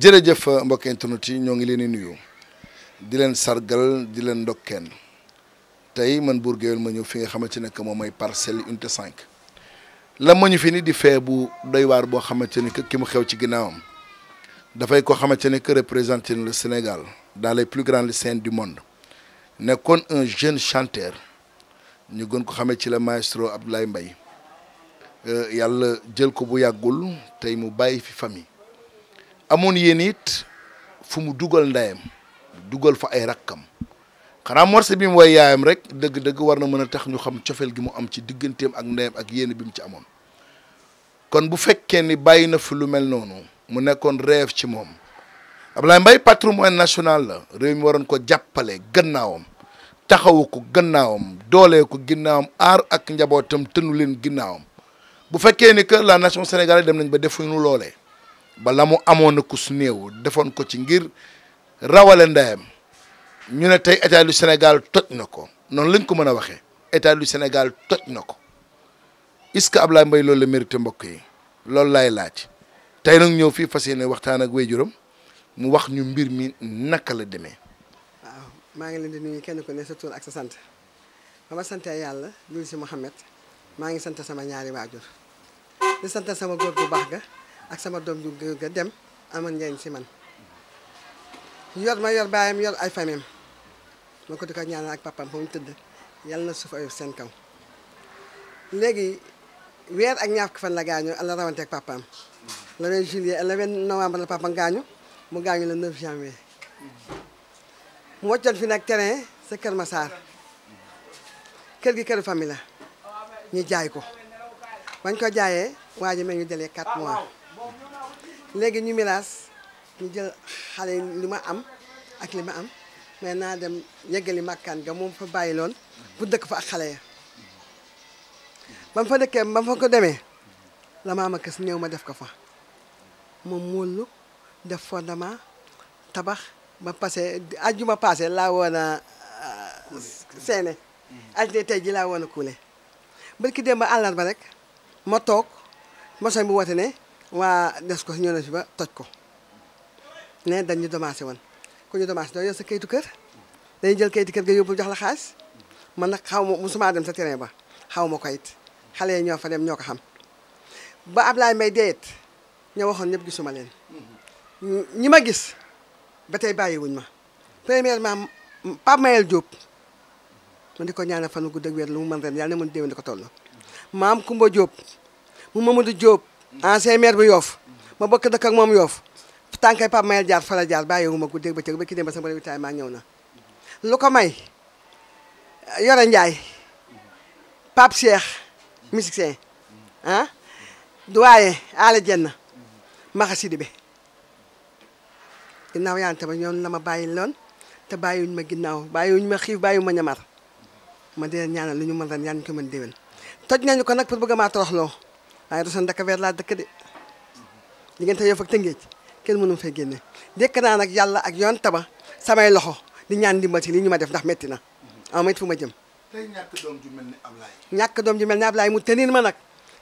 jërëjëf euh, mbokk internet yi ñoo ngi leen di nuyu di leen sargal di leen ndokkeen tey man Bour Gueweul ma ñëw fi nga xamante ne que moom mooy parcelle unité 5 la mañu ñu fi ni di fee bu doy boo xamante ni que ki mu xew ci ginnaawam dafay ko xamante ne que représenté le Sénégal dans les plus grandes scènes du monde nekkoon un jeune chanteur ñu gën ko xamee ci la maestro lay mbay euh, yàlla jël ko bu yàggul tey mu bàyyi fi famille. amoon yéen it fu mu dugal ndeyam dugal fa ay rakkam xanaa morse bi mu way yaayam rek dëgg-dëgg war na mën a tax ñu xam cofeel gi mu am ci digganteem ak ndeyam ak yéen bi mu ci amoon kon bu fekkee ni bàyyi na fi lu mel noonu mu nekkoon rêve ci moom mbay Mbaye patrimoine national la réew waroon ko jàppale gannaawam taxawu ko gannaawam doolee ko ginnaawam aar ak njabootam tënu leen ginnaawam bu fekkee ni que la nation sénégalaise dem nañ ba defuñu loolee bala mu amoon na kus néew defoon ko ci ngir rawale ndeyam ñu ne tey état du Sénégal toj na ko noonu lañ ko mën a waxee état du Sénégal toj na ko est-ce que Ablaye Mbaye loolu la mérité mbokk yi loolu laay laaj tey nag ñëw fii fas yéene waxtaan ak waajuram mu wax ñu mbir mi naka la demee. waaw maa ngi leen di nuyu kenn ku ne sa tur ak sa sant ba ma santee yàlla julli si Mouhamed maa ngi sant sama ñaari waajur di sant sama góor bu baax ga. ak sama doom ju góor ga dem amoon njëriñ si man yor ma yor baayam yor ay famem ma ko di ko ñaanal ak papam ba mu tëdd yàlla na suuf ayof seen kaw léegi weer ak ñaar fan la gaañoo la rawante ak papaam le 20 juillet le 20 novembre la papam gaañu mu gaañu la 9 janvier mu wàccoon fi nag terrain sa Kër Massar kër gi këru famille la ñu jaay ko bañ ko jaayee waa ji ma ñu jëlee 4 mois léegi ñu milaas ñu jël xale li ma am ak li ma am mais naa dem yeggali màkkaan ga moom fa bàyyi loon bu dëkk fa ak xale ya ba fa dëkkee ba mu fa ko demee la ma am kës néew ma def ko fa moom mullu def fondement tabax ba passé ajjuma passé laa woon a seene ajne tey ji laa woon a kuule bërki dem ba àllarba rek ma toog mosoñ bu woote ne wa des ko ñëw na fi ba toj ko né dañ ñu demassé woon ku ñu demassé do yo sa kayitu kër dañuy jël kayitu kër ga yobul jox la xaas man nak xawmu musuma dem sa terrain ba xawmu ko it xalé ñoo fa dem ñoo ko xam ba ablay may deet ña waxon ñep gisuma len ñi ma gis batay bayyi wuñ ma premièrement pa Mayel job ma diko ko ñaanal fan gudd ak wér lu mu man ren yalla ne mën déwén di tollu maam Kumba job mu Mamadou job ancien maire bu yoof ma bokk dëkk ak moom yoof tànkay Pape Mayel jaar fa la jaar bàyyiwuma ma bëccëg ba ki dem ba sama réew taay maa na lu ko may Yoro Ndiaye Pape Cheikh musicien ah doyen Aly Dieng Maxa Sidibé ginnaaw yaa ngi tamit ñoom la ma bàyyi loon te bàyyiwuñ ma ginnaaw bàyyiwuñ ma xiif bàyyiwu ma ñamar ma dee ñaanal lu ñu mën ren yaa ñu ko mën déwén toj nañu ko nag pour bëgg maa loo waaye Rossane Dakabeer laa dëkk de diggante Yoff ak Tëngéej kenn mënu fay génne dékk naa nag yàlla ak yoon taba samay loxo di ñaan ndimbal ci lii ñu ma def ndax metti na amet ma jëm tey ñàkk doom ji mel ni Ablaye ñàkk doom ju mu tenir ma nag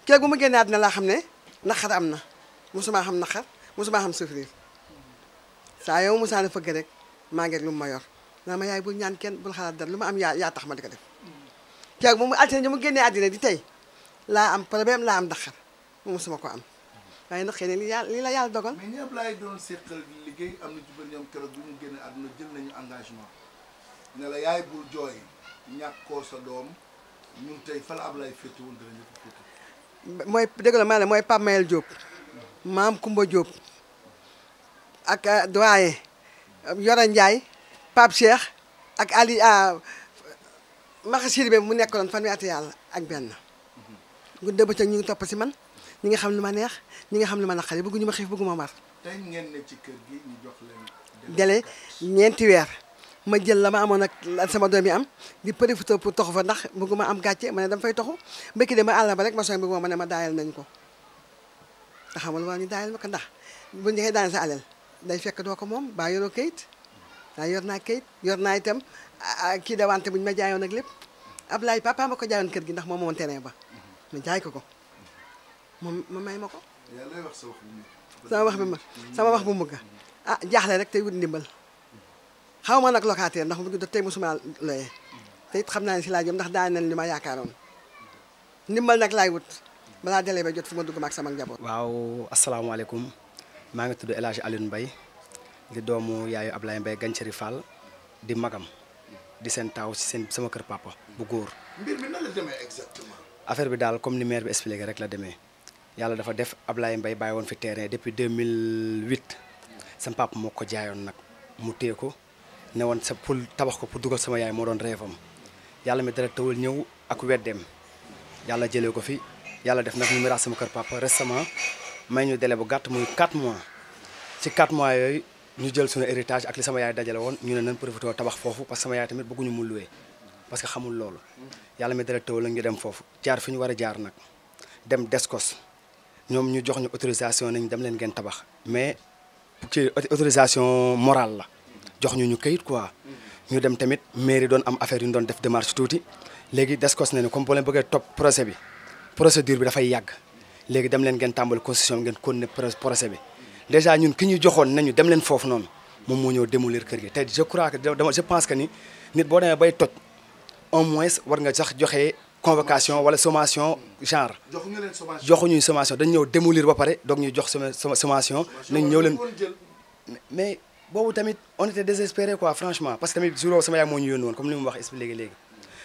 kër bu ma génne àddina laa xam ne naqar am na mosumaa xam naqar mosumaa xam souffrir saa yow ne fëgg rek maa ngi lu mu ma yor naa ma yaay bul ñaan kenn bul xalaat dara lu ma am yaa yaa tax ma di ko def kër bu mu altine ñu mu génnee àddina di tey laa am problème laa am ndaxar moom mosuma ko am waaye nag xëy na li yàlla li la yàlla mais ne la yaay bul jooy ñàkkoo sa doom ñun tey fa la Ablaye féete woon dinañu ko féete. mooy dëgg la maa ne mooy Pape Mayel Diop maam Kumba Diop ak euh, doyen euh, Yoro Ndiaye Pape Cheikh ak Ali euh, Maxa Sidibé mu nekkoon fanweeri at yàlla ak benn. guddee ba ñu ngi topp si man ñi nga xam ne ma neex ñi xam ne ma naqari bëgguñu ma xiif bëgguma mar. tey ngeen ne ñu jox ñeenti weer ma jël la ma amoon ak sama doom yi am di profité pour toxu fa ndax bëgguma am gàcce ma ne dama fay toxu mbëkk de ma àll ba rek ma soog bëgguma ma ne ma daayal nañ ko te xamal waa ñu daayal ma ko ndax bu ñu daan sa alal day fekk doo ko moom baa yoroo kayit daa yor naa kayit yor naa itam ah, ah, kii de wante buñ ma jaayoon ak lépp ab Ablaye papa ma ko jaayoon kër gi ndax moom moo woon terrain ba mu jaay ko ko moom ma may ma ko. yàlla wax sa sama wax ma sama wax bu mu ga ah jaaxle rek tey wut ndimbal xaw ma nag locataire ndax mu ngi doon tey mosuma loyee te xam naa ne si laa jëm ndax daan nañ li ma yaakaaroon ndimbal nag laay wut balaa délai ba jot fu ma dugg ak sama njaboot. waaw asalaamaaleykum maa ngi tudd El Hadj bay Mbaye di doomu yaayu Ablaye Mbaye Gantieri Fall di magam di seen taaw si seen sama kër papa bu góor. affaire bi daal comme ni maire bi expliqué rek la demee yàlla dafa def Ablaye mbay bàyyi woon fi terrain depuis 2008 sama papa moo ko jaayoon nag mu téye ko ne woon sa pour tabax ko pour dugal sama yaay moo doon rêve am yàlla mi dara tawul ñëw ak weddeem yàlla jëlee ko fi yàlla def nag ñu miraas sama kër papa récemment may ñu délai bu gàtt muy 4 mois ci 4 mois yooyu ñu jël suñu héritage ak li sama yaay dajale woon ñu ne nañ profité tabax parce que sama yaay tamit bëgguñu mu parce que xamul loolu mi dara ngi dem dem Descos ñu jox ñu autorisation nañ dem len mais autorisation morale la jox ñu ñu kayit quoi mm-hmm. ñu dem tamit mairie am affaire yu démarche Descos ne comme len une projet bi procédure bi fay dem déjà ñun ki ñu nañu dem len fofu non démolir kër je je pense que ni nit bo bay au moins war nga sax joxé convocation wala sommation genre joxuñu sommation joxuñu sommation dañ ñëw démolir ba paré doog ñu jox sommation nañ ñëw leen mais bobu tamit on était désespéré quoi franchement parce que tamit jour sama yaay mo ñu yónni woon comme limu wax expliqué léegi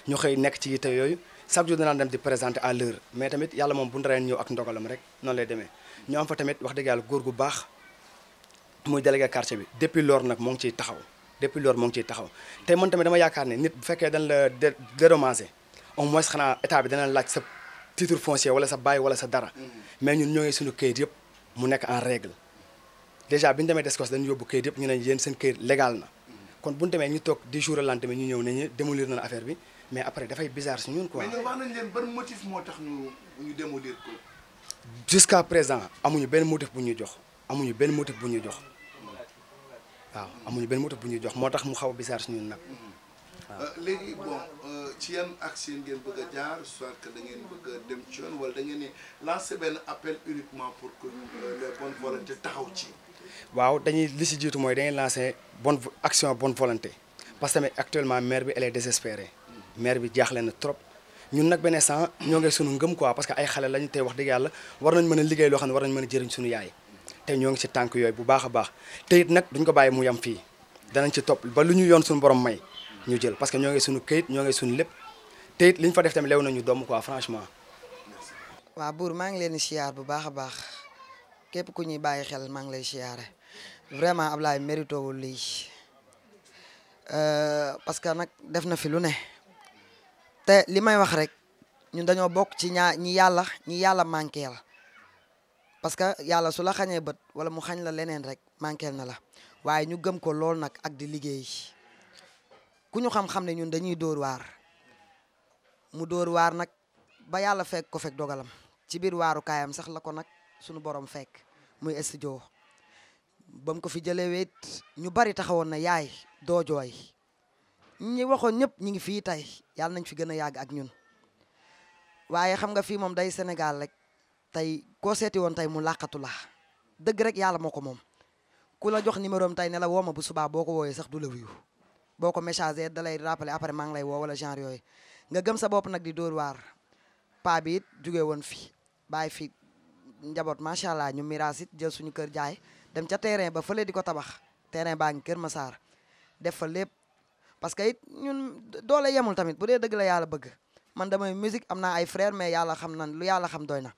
ñu xey nek ci yitte yoyu chaque jour danaan dem di présenter à l'heure mais tamit yalla mom bu ndaré reen ak ndogalam rek non lay démé ñu am fa tamit wax dëgg yalla gor gu bax muy délégué quartier bi depuis lors nak mo ngi ciy taxaw depuis loolu moo ci taxaw tey man tamit dama yaakaar ne nit bu fekkee dañ la dédommagé au moins xana état bi dañ la laaj sa titre foncier wala sa bail wala sa dara mm-hmm. mais ñun ñoo suñu kayit yëpp mu nek en règle déjà bi démé Descos dañ yóbbu kayit yëpp ñu ne yeen seen kayit légal na mm-hmm. kon bu ñu demee ñu toog 10 jours lendemain ñu ñew ne démolir nañ affaire bi mais après da fay bizarre si ñun quoi. mais ñun wax nañ leen ban motif mo tax ñu ñu démolir ko. jusqu'à présent amuñu benn motif bu ñu jox amuñu benn motif bu ñu jox. waaw amuñu benn moto bu ñuy jox moo tax mu xaw a bizarre suñu nag. waaw euh, léegi bon euh, ci yan ngeen bëgg a jaar soit que da ngeen bëgg a dem ci yoon wala da ngeen di lancer benn appel uniquement que euh, les bonnes volontés taxaw ci. waaw action bonne volonté parce que actuellement maire bi elle est désespérée. maire bi jaaxle trop ñu nag benn sant ñoo ngi sunu ngëm quoi parce que ay xale lañu tey wax dëgg yàlla war nañ mën a liggéey loo xam ne war nañ mën a jëriñ suñu yaay. té ñoo ngi ci tànk yooyu bu baax a baax te it nag duñ ko mu yam fi danañ ci top ba lu ñu yoon suñu borom may ñu jël parce que ñoo ngi suñu këyit ñoo ngi suñu lépp te it liñ fa def tamit lew nañu doom quoi franchement. waaw buur maa ngi leen bu bah a baax képp ku ñuy bàyyi xel maa ngi lay siyaare vraiment Ablaye mérito wul lii euh, parce que nag def na fi lu ne té li wax rek ñun dañoo bokk ci ñi yàlla ñi yàlla manqué parce que yàlla su la xañee bët wala mu xañ la leneen rek manqueel na la waaye ñu gëm ko lool nag ak di liggéey ku ñu xam-xam ne ñun dañuy dóor waar mu dóor waar nag ba yàlla fekk ko fekk dogalam ci biir waaru kaayam sax la ko nag sunu boroom fekk muy studio bam ko fi jëlee wéet ñu bari taxawoon na yaay doo jooy ñi waxoon ñëpp ñi ngi fii tey yàlla nañ fi gën a yàgg ak ñun waaye xam nga fii moom day Sénégal rek tey koo seeti woon tey mu làqatu la dëgg rek yàlla moo ko moom ku la jox numéro am tey ne la woo ma bu subaa boo ko wooyee sax du la wuyu boo ko messager da lay rappeler après maa ngi lay woo wala genre yooyu nga gëm sa bopp nag di dóor waar paa bi it jugee woon fi bàyyi fi njaboot macha allah ñu miraas it jël suñu kër jaay dem ca terrain ba fële di ko tabax terrain baa ngi kër Massar def fa lépp parce que it ñun doole yemul tamit bu dee dëgg la yàlla bëgg man damay musique am naa ay frère mais yàlla xam nan lu yàlla xam doy na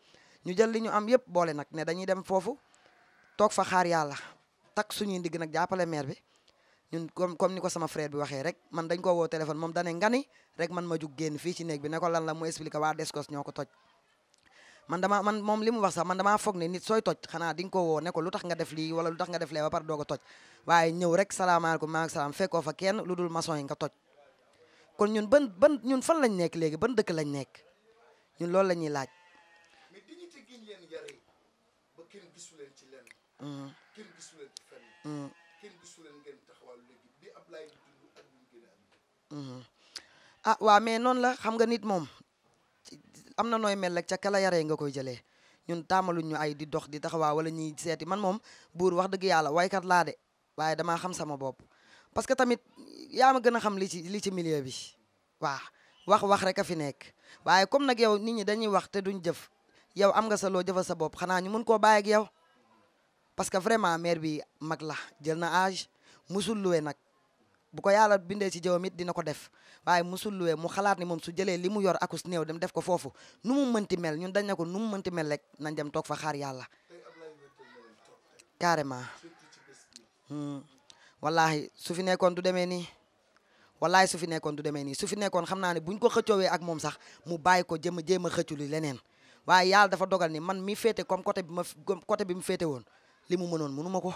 ñu jël li ñu am yëpp boole nag ne dañuy dem foofu toog fa xaar yàlla tak suñuy ndigg nag jàppale meer bi ñun comme comme ni ko sama frère bi waxee rek man dañ ko woo téléphone moom dane nga ngani rek man ma jug génn fii ci néeg bi ne ko lan la mu expliqué waa Descos ñoo ko toj man damaa man moom li mu wax sax man damaa foog ne nit sooy toj xanaa di nga ko woo ne lu tax nga def lii wala lu tax nga def lee ba par doog a toj waaye ñëw rek salaamaaleykum maa ngi salaam fekkoo fa kenn lu dul maçon yi nga toj kon ñun ban ban ñun fan lañ nekk léegi ban dëkk lañ nekk ñun loolu la ñuy laaj Mm. Mm. a am. Mm-hmm. Ah, waa me noonu la xam nga nit moom am na nooy mel rek ca kala yaree nga koy jëlee ñun taamaluñ ay di dox di taxawaa wala ñuy seeti man moom buur wax dëgg yàlla waykat laa de waaye damaa xam sama bopp parce que tamit yaa ma gën a xam li ci li ci milieu bi waaw wax wax rek a fi nekk waaye comme nag yow nit ñi dañuy wax te duñ jëf yow am nga sa loo jëfal sa bopp xanaa ñu mun koo bàyyi ak yow parce que vraiment maire bi mag la jël na âge musul luwe nag bu ko yàlla bindee ci jawam it dina ko def waaye musul luwe mu xalaat ni moom su jëlee li mu yor akus néew dem def ko foofu nu mu mënti mel ñun dañ ne ko nu mu mënti mel rek nañ dem toog fa xaar yàlla carrément hmm. wallahi su fi nekkoon du demee nii wallahi su fi nekkoon du demee nii su nekkoon xam naa ne buñ ko xëccoowee ak moom sax mu bàyyi ko jëm a jéem a xëccu li leneen waaye yàlla dafa dogal ni man mi féete comme côté bi ma côté bi mu féete woon li mu mënoon mënu ko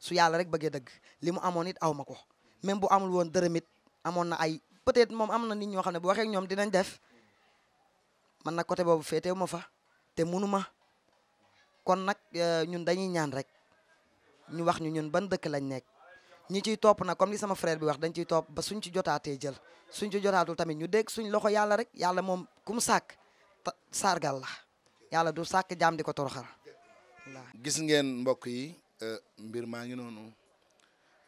su yàlla rek bëggee dëgg li mu amoon it awma ko même bu amul woon dërëmit amoon na ay peut-être moom am na nit ñoo xam ne bu ñoom dinañ def man nag côté boobu féetewu ma fa te mënu ma kon nag euh, ñun dañuy ñaan rek ñu wax ñu ñun ban dëkk lañ nekk ñi ciy topp na comme li sama frère bi wax dañ ciy topp ba suñ ci jotaatee jël suñ ci jotaatul tamit ñu dégg suñ loxo yàlla rek yàlla moom ku mu sàkk sargal la yàlla du sàkk jaam di ko toroxal gis ngeen mbokk yi euh, mbir maa ngi noonu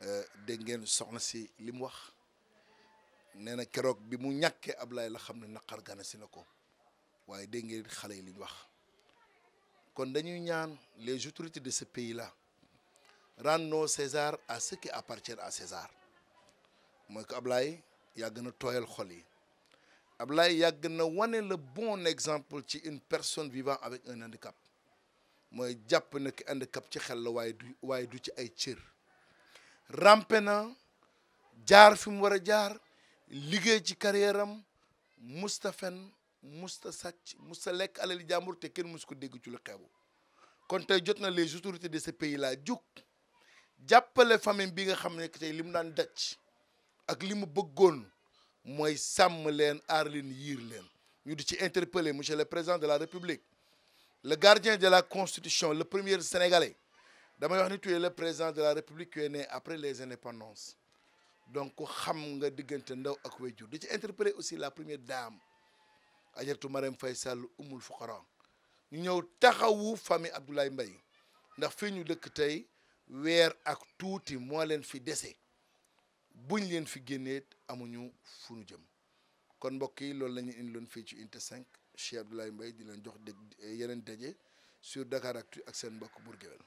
euh, dégg ngeen soxna si li mu wax nee na keroog bi mu ñàkkee Ablaye la xam ne naqar gana si na ko waaye dégg ngeen xale yi lim wax kon dañuy ñaan les autorités de ce la là rendons César à ce qui appartient à César mooy ko Ablaye yàgg na tooyal xol yi ab Ablaye yàgg na wane le bon exemple ci une personne vivant avec un handicap mooy jàpp na ki handicap ci xel la waaye du waaye du ci ay cër rampe na jaar fi mu war a jaar liggéey ci carrière am musta fen musta sàcc musta lekk alali jàmbur te kenn mus ko dégg ci lu xewu kon tey jot na les autorités de ce pays là jug jàppale famille bi nga xam ne tey li mu daan daj ak li mu bëggoon Moi, Sam leen Yirlen, nous yiir ñu interpeller monsieur le président de la république le gardien de la constitution le premier sénégalais d'abord wax ni le président de la république qui est né après les indépendances donc xam nga diggante ndaw ak waajur di interpeller aussi la première dame Adjaratou Marème Faye Sall umul fuqara ñu ñëw taxawu famille Abdoulaye Mbaye ndax avons ñu dëkk tey weer ak tuuti moo leen fi dese buñ leen fi génnee amuñu fu ñu jëm kon mbokk yi loolu la ñu indiloon fii ci unité 5 Cheikh Abdoulaye Mbaye di jox dégg yeneen daje sur Dakaractu ak seen mbokk Bour Gueweul